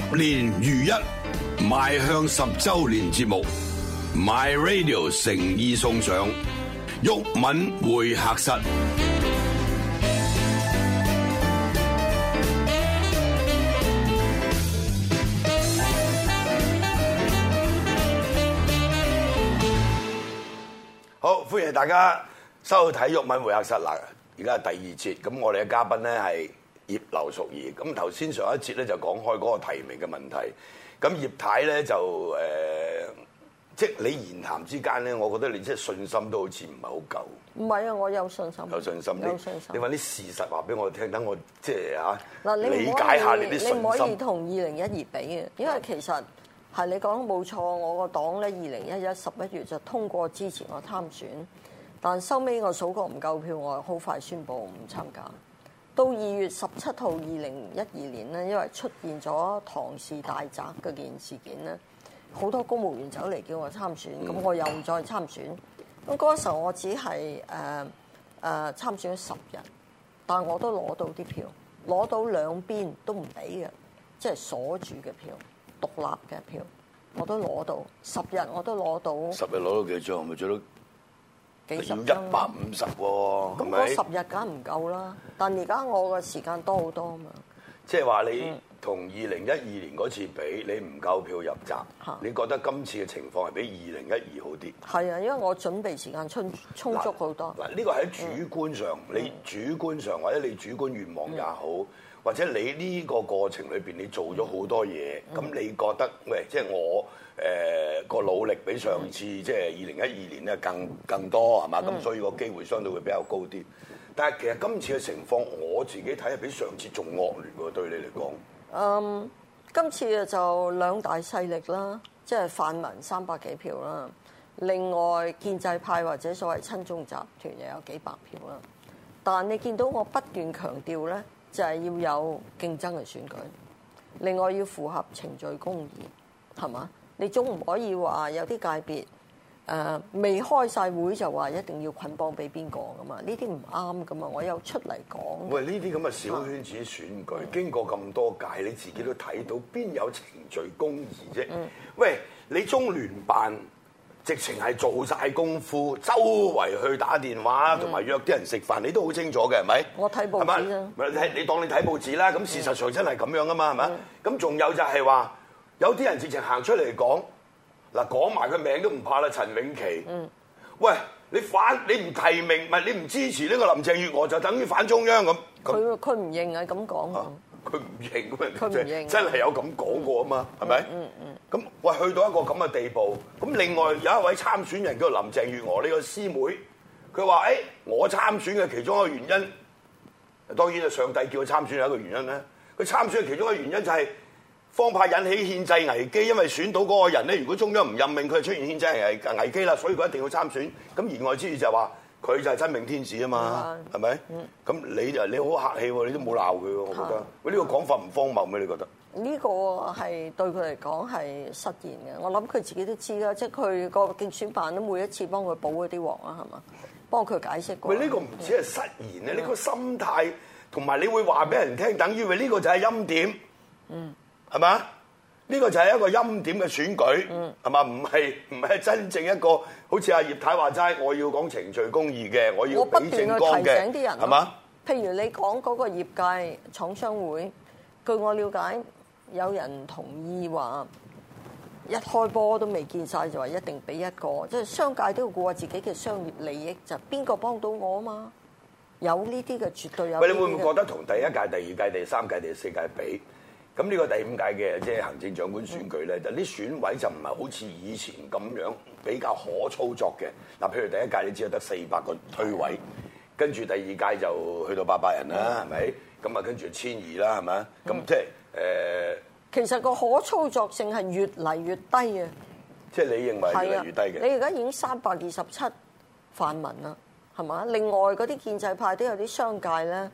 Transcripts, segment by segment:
十年如一，邁向十周年節目，My Radio 誠意送上毓民會客室。好，歡迎大家收睇毓民會客室。嗱，而家係第二節，咁我哋嘅嘉賓咧係。葉劉淑儀咁頭先上一節咧就講開嗰個提名嘅問題，咁葉太咧就誒、呃，即係你言談之間咧，我覺得你即係信心都好似唔係好夠。唔係啊，我有信心。有信心，有信心。有、啊、信心。你揾啲事實話俾我聽，等我即係你理解下你啲信心。你唔可以，同二零一二比啊，因為其實係你講冇錯，我個黨咧二零一一十一月就通過支持我參選，但收尾我數過唔夠票，我好快宣佈唔參加。到二月十七號二零一二年咧，因為出現咗唐氏大宅嗰件事件咧，好多公務員走嚟叫我參選，咁、嗯、我又再參選。咁嗰時候我只係誒誒參選咗十日，但我都攞到啲票，攞到兩邊都唔俾嘅，即係鎖住嘅票、獨立嘅票，我都攞到十日，我都攞到十日，攞到幾多張？我咪最多。要一百五十喎，啊，咁嗰十日梗唔夠啦。但而家我嘅時間多好多啊嘛。即係話你同二零一二年嗰次比，你唔夠票入閘，係、你覺得今次嘅情況係比二零一二好啲？係啊，因為我準備時間充充足好多。嗱，呢個喺主觀上，嗯、你主觀上或者你主觀願望也好，嗯、或者你呢個過程裏邊你做咗好多嘢，咁，嗯、你覺得，喂，即、就、係、是、我。誒個努力比上次即係二零一二年咧更更多係嘛？咁所以個機會相對會比較高啲。但係其實今次嘅情況，我自己睇係比上次仲惡劣喎。對你嚟講，嗯，今次啊就兩大勢力啦，即係泛民三百幾票啦，另外建制派或者所謂親中集團又有幾百票啦。但你見到我不斷強調咧，就係要有競爭嘅選舉，另外要符合程序公義係嘛？你總唔可以話有啲界別，誒、呃、未開晒會就話一定要捆綁俾邊個噶嘛？呢啲唔啱噶嘛！我有出嚟講。喂，呢啲咁嘅小圈子選舉，嗯、經過咁多屆，你自己都睇到邊有程序公義啫？嗯、喂，你中聯辦直情係做晒功夫，周圍去打電話同埋約啲人食飯，你都好清楚嘅，係咪？我睇報紙啫。咪你吧你當你睇報紙啦，咁事實上真係咁樣噶嘛？係咪？咁仲、嗯嗯、有就係話。有啲人直情行出嚟講，嗱講埋個名都唔怕啦，陳永琪。嗯，喂，你反你唔提名，唔係你唔支持呢個林鄭月娥，就等於反中央咁。佢佢唔認啊，咁講。佢唔認喎。佢唔認。認真係有咁講過啊嘛，係咪、嗯吧嗯？嗯嗯。咁喂，去到一個咁嘅地步，咁另外有一位參選人叫林鄭月娥呢個師妹，佢話，誒、欸，我參選嘅其中一個原因，當然係上帝叫佢參選有一個原因咧。佢參選嘅其中一個原因就係、是。方派引起憲制危機，因為選到嗰個人咧，如果中央唔任命佢，出現憲制危危機啦，所以佢一定要參選。咁，言外之意就係話佢就係真命天子啊嘛，係咪？咁你就你好客氣喎，你都冇鬧佢喎，我覺得喂呢的個講法唔荒謬咩？你覺得呢個係對佢嚟講係失言嘅，我諗佢自己都知啦，即係佢個競選辦都每一次幫佢補嗰啲鑊啦，係嘛？幫佢解釋過。喂、嗯，呢個唔止係失言咧，呢的個心態同埋你會話俾人聽，等於佢呢個就係陰點，嗯。嗯係嘛？呢個就係一個欽點嘅選舉，係嘛？唔係唔係真正一個好似阿葉太話齋，我要講程序公義嘅，我要保證光嘅。係嘛？譬如你講嗰個業界廠商會，據我了解，有人同意話一開波都未見晒就話一定俾一個，即係商界都要顧下自己嘅商業利益，就邊個幫到我啊嘛？有呢啲嘅絕對有。喂，你會唔會覺得同第一屆、第二屆、第三屆、第四屆比？咁呢個第五屆嘅即係行政長官選舉咧，嗯、就啲選委就唔係好似以前咁樣比較可操作嘅。嗱，譬如第一屆你只有得四百個推委，跟住第二屆就去到八百人啦，係咪、嗯？咁啊，跟住千二啦，係咪啊？咁、嗯、即係誒，呃、其實個可操作性係越嚟越低啊！即係你認為越嚟越低嘅？你而家已經三百二十七泛民啦，係嘛？另外嗰啲建制派都有啲商界咧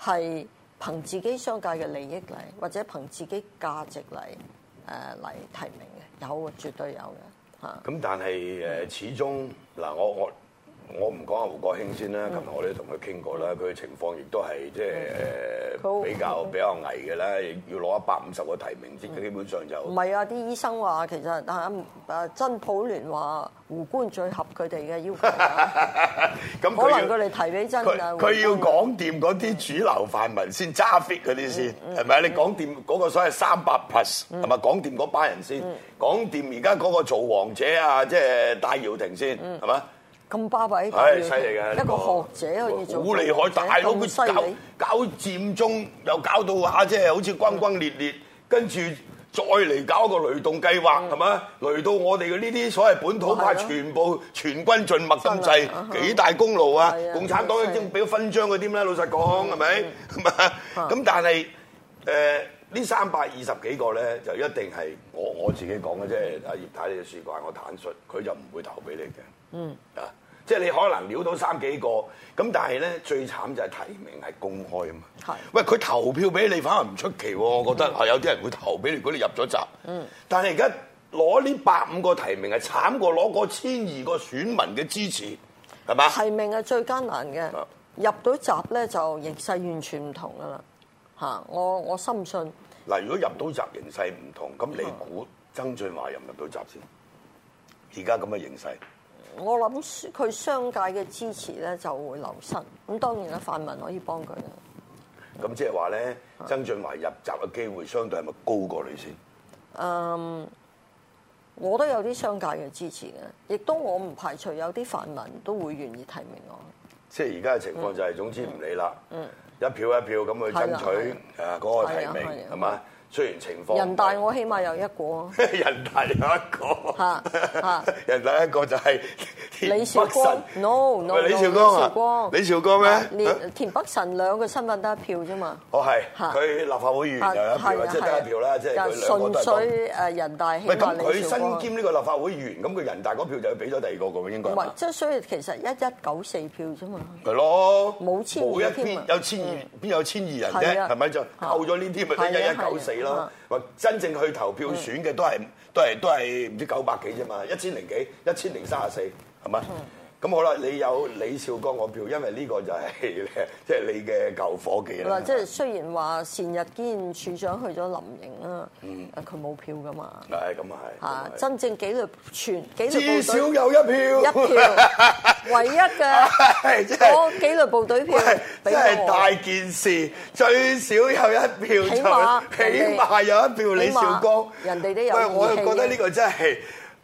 係。憑自己商界嘅利益嚟，或者憑自己價值嚟，誒嚟提名嘅有，絕對有嘅吓。咁但係誒，嗯、始終嗱，我我。我唔講阿胡國興先啦，琴日我哋同佢傾過啦，佢嘅情況亦都係即係比較比較危嘅啦，要攞一百五十個提名先，佢基本上就唔係啊！啲醫生話其實但係啊，真普聯話胡官最合佢哋嘅要求，咁可能佢哋提俾真佢要講掂嗰啲主流泛民先揸 fit 嗰啲先，係咪啊？你講掂嗰個所謂三百 plus，係咪？講掂嗰班人先，講掂而家嗰個造王者啊，即係戴耀廷先，係嘛？咁巴閉，犀利嘅，一個學者可以做，好厲害，大佬佢搞搞佔中又搞到下，即係好似轟轟烈烈，跟住再嚟搞個雷動計劃，係咪？雷到我哋嘅呢啲所謂本土派全部全軍盡墨咁滯，幾大功勞啊！共產黨已經俾勳章嗰啲啦，老實講係咪？咁但係誒。呢三百二十幾個咧，就一定係我我自己講嘅啫。阿葉太，你説怪我坦率，佢就唔會投俾你嘅。嗯啊，即係你可能撩到三幾個，咁但係咧最慘就係提名係公開啊嘛。係是 喂，佢投票俾你反而唔出奇喎，我覺得啊，有啲人會投俾你，如果你入咗閘。嗯但。但係而家攞呢百五個提名係慘過攞過千二個選民嘅支持，係嘛？提名係最艱難嘅，的入到閘咧就形勢完全唔同㗎啦。嚇！我我深信嗱，如果入到閘，形勢唔同，咁你估曾俊華入唔入到閘先？而家咁嘅形勢，我諗佢商界嘅支持咧就會流失。咁當然啦，泛民可以幫佢啦。咁、嗯、即係話咧，係曾俊華入閘嘅機會相對係咪高過你先？嗯，我都有啲商界嘅支持嘅，亦都我唔排除有啲泛民都會願意提名我。即係而家嘅情況就係、係嗯、總之唔理啦。嗯。一票一票咁去爭取誒嗰的個提名係咪？出現情況，人大我起碼有一個，人大有一個，嚇人大一個就係李兆光，no，唔係李兆光啊，李兆光咩？李田北辰兩個身份得一票啫嘛，哦係，佢立法會議員又一票，即係得一票啦，即係佢純粹誒人大起碼李兆光，佢身兼呢個立法會議員，咁佢人大嗰票就俾咗第二個嘅喎，應該。唔係，即係所以其實一一九四票啫嘛，係咯，冇千冇一有千二，邊有千二人啫？係咪就扣咗呢啲咪得一一九四？咯，嗯、真正去投票選嘅都係、嗯、都係都係唔知九百幾啫嘛，一千零幾，一千零三十四，係嘛、嗯吧？嗯咁好啦，你有李少光我票，因為呢個就係咧，即係你嘅舊伙計啦。即係雖然話前日堅處長去咗林盈啦，啊佢冇票噶嘛。係咁啊係。嚇，真正紀律全紀律部隊，至少有一票，一票，唯一嘅。即係我紀律部隊票，真係大件事，最少有一票，就是、起碼，起碼有一票碼李少光，人哋都有。我就覺得呢個真係。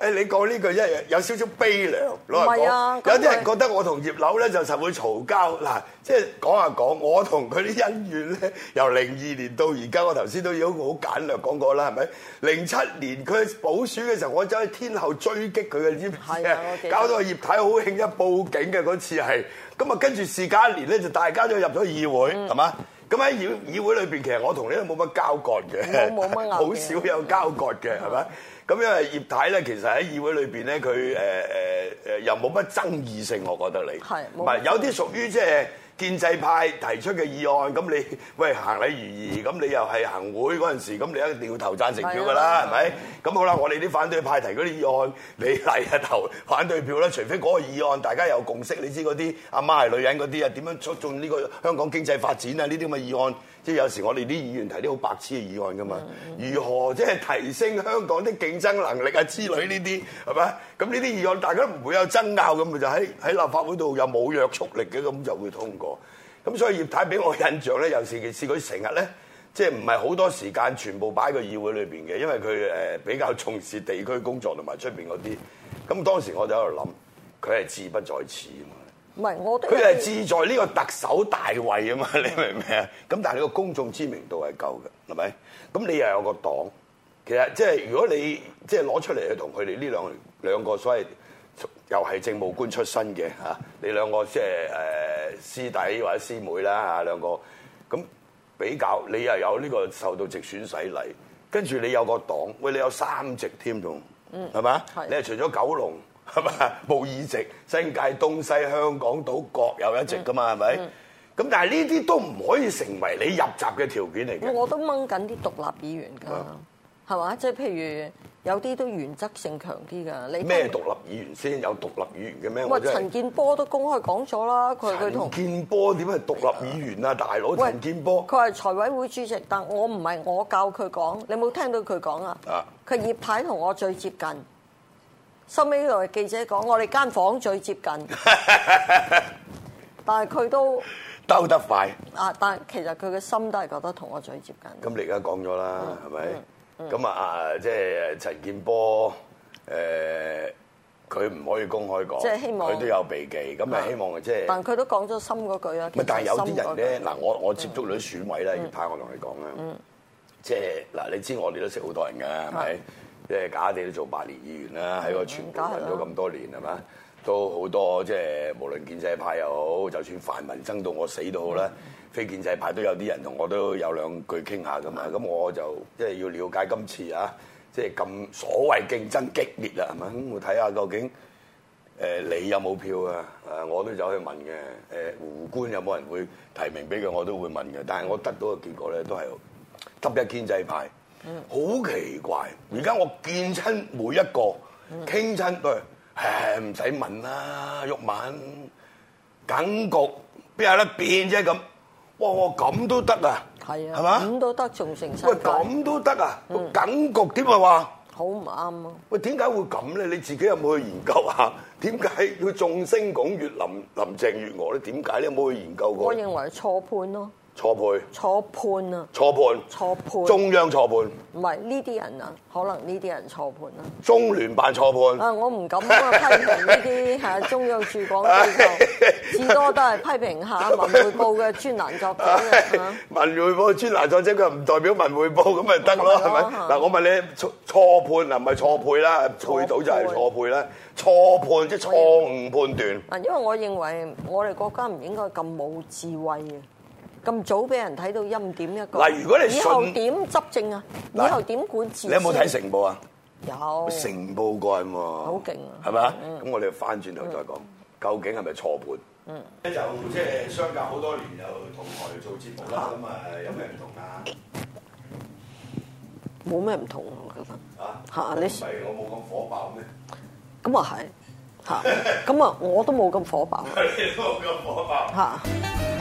誒，你講呢句真係有少少悲涼，攞嚟講，有啲人覺得我同葉劉咧就實會嘈交嗱，即係講下講，我同佢啲恩怨咧，由零二年到而家，我頭先都已經好簡略講過啦，係咪？零七年佢補選嘅時候，我走去天后追擊佢嘅啲嘅，搞到、啊、葉太好慶一報警嘅嗰次係，咁啊跟住事隔一年咧，就大家都入咗議會係嘛？嗯咁喺議議會裏邊，其實我同你都冇乜交割嘅，好 少有交割嘅，係咪？咁 因為葉太咧，其實喺議會裏邊咧，佢誒誒誒又冇乜爭議性，我覺得你是，唔係是有啲屬於即係。建制派提出嘅議案，咁你喂行禮如儀，咁你又係行會嗰陣時候，咁你一定要投贊成票㗎啦，係咪？咁好啦，我哋啲反對派提嗰啲議案，你係啊投反對票啦，除非嗰個議案大家有共識，你知嗰啲阿媽係女人嗰啲啊，點樣促進呢個香港經濟發展啊？呢啲咁嘅議案。即係有時我哋啲議員提啲好白痴嘅議案㗎嘛？嗯、如何即係提升香港啲競爭能力啊之類呢啲係咪？咁呢啲議案大家唔會有爭拗，咁就喺喺立法會度又冇約束力嘅，咁就會通過。咁所以葉太俾我印象咧，有時其實佢成日咧，即係唔係好多時間全部擺喺個議會裏邊嘅，因為佢誒比較重視地區工作同埋出邊嗰啲。咁當時我就喺度諗，佢係志不在此啊嘛。唔係我，佢係志在呢個特首大位啊嘛！你明唔明啊？咁但係你個公眾知名度係夠嘅，係咪？咁你又有個黨，其實即係如果你即係攞出嚟去同佢哋呢兩兩個所謂又係政務官出身嘅嚇，你兩個即係誒師弟或者師妹啦嚇兩個，咁比較你又有呢個受到直選洗禮，跟住你有個黨，喂你有三席添仲，嗯係咪啊？係你係除咗九龍。係嘛，冇議席，新界東西香港島各有一席噶嘛，係咪？咁但係呢啲都唔可以成為你入閘嘅條件嚟嘅。我都掹緊啲獨立議員㗎，係嘛？即係譬如有啲都原則性強啲㗎。你咩獨立議員先有獨立議員嘅咩？陳建波都公開講咗啦，佢佢同陳建波點解係獨立議員啊？大佬陳建波，佢係財委會主席，但我唔係我教佢講，你冇聽到佢講啊？佢葉太同我最接近。收尾呢度記者講，我哋間房最接近，但係佢都兜得快。啊！但其實佢嘅心都係覺得同我最接近。咁你而家講咗啦，係咪？咁啊，即係陳健波，誒，佢唔可以公開講，佢都有避忌，咁咪希望即係。但佢都講咗心嗰句啊。咪但係有啲人咧，嗱，我我接觸到啲選委咧，葉太，我同你講啦，即係嗱，你知我哋都識好多人㗎，係咪？即係假哋都做八年議員啦，喺個傳媒混咗咁多年係嘛，嗯、吧都好多即係無論建制派又好，就算泛民爭到我死都好啦，嗯、非建制派都有啲人同我都有兩句傾下噶嘛，咁、嗯、我就即係、就是、要了解今次啊，即係咁所謂競爭激烈啊，係嘛，咁我睇下究竟誒、呃、你有冇票啊？誒我都走去問嘅，誒、呃、胡官有冇人會提名俾佢，我都會問嘅，但係我得到嘅結果咧都係執一建制派，派。好、嗯、奇怪！而家我見親每一個傾親佢、嗯、唉，唔使問啦，毓民感覺邊有得變啫咁。哇，咁都得啊？係啊，係嘛、嗯？咁都得仲成？喂，咁都得啊？個感覺點啊話？好唔啱啊！喂，點解會咁咧？你自己有冇去研究下？點解要眾星拱月林林鄭月娥咧？點解你有冇去研究過？我認為錯判咯。錯判，錯判啊！錯判，中央錯判，唔係呢啲人啊，可能呢啲人錯判啊。中聯辦錯判，啊，我唔敢批評呢啲吓中央駐港機構，至多都係批評下文匯報嘅專欄作者啊。文匯報嘅專欄作者佢唔代表文匯報咁咪得咯，係咪？嗱，我問你錯判嗱，唔係錯配啦，配到就係錯配啦，錯判即係錯誤判斷。啊，因為我認為我哋國家唔應該咁冇智慧啊。咁早俾人睇到欽點一個，嗱，如果你以後點執政啊？以後點管治？你有冇睇成報啊？有成報過喎，好勁啊！係咪啊？咁我哋翻轉頭再講，究竟係咪錯判？嗯，又即係相隔好多年又同台做節目啦。咁啊，有咩唔同啊？冇咩唔同啊，我覺得啊嚇，你係我冇咁火爆咩？咁啊係嚇，咁啊我都冇咁火爆，你都冇咁火爆嚇。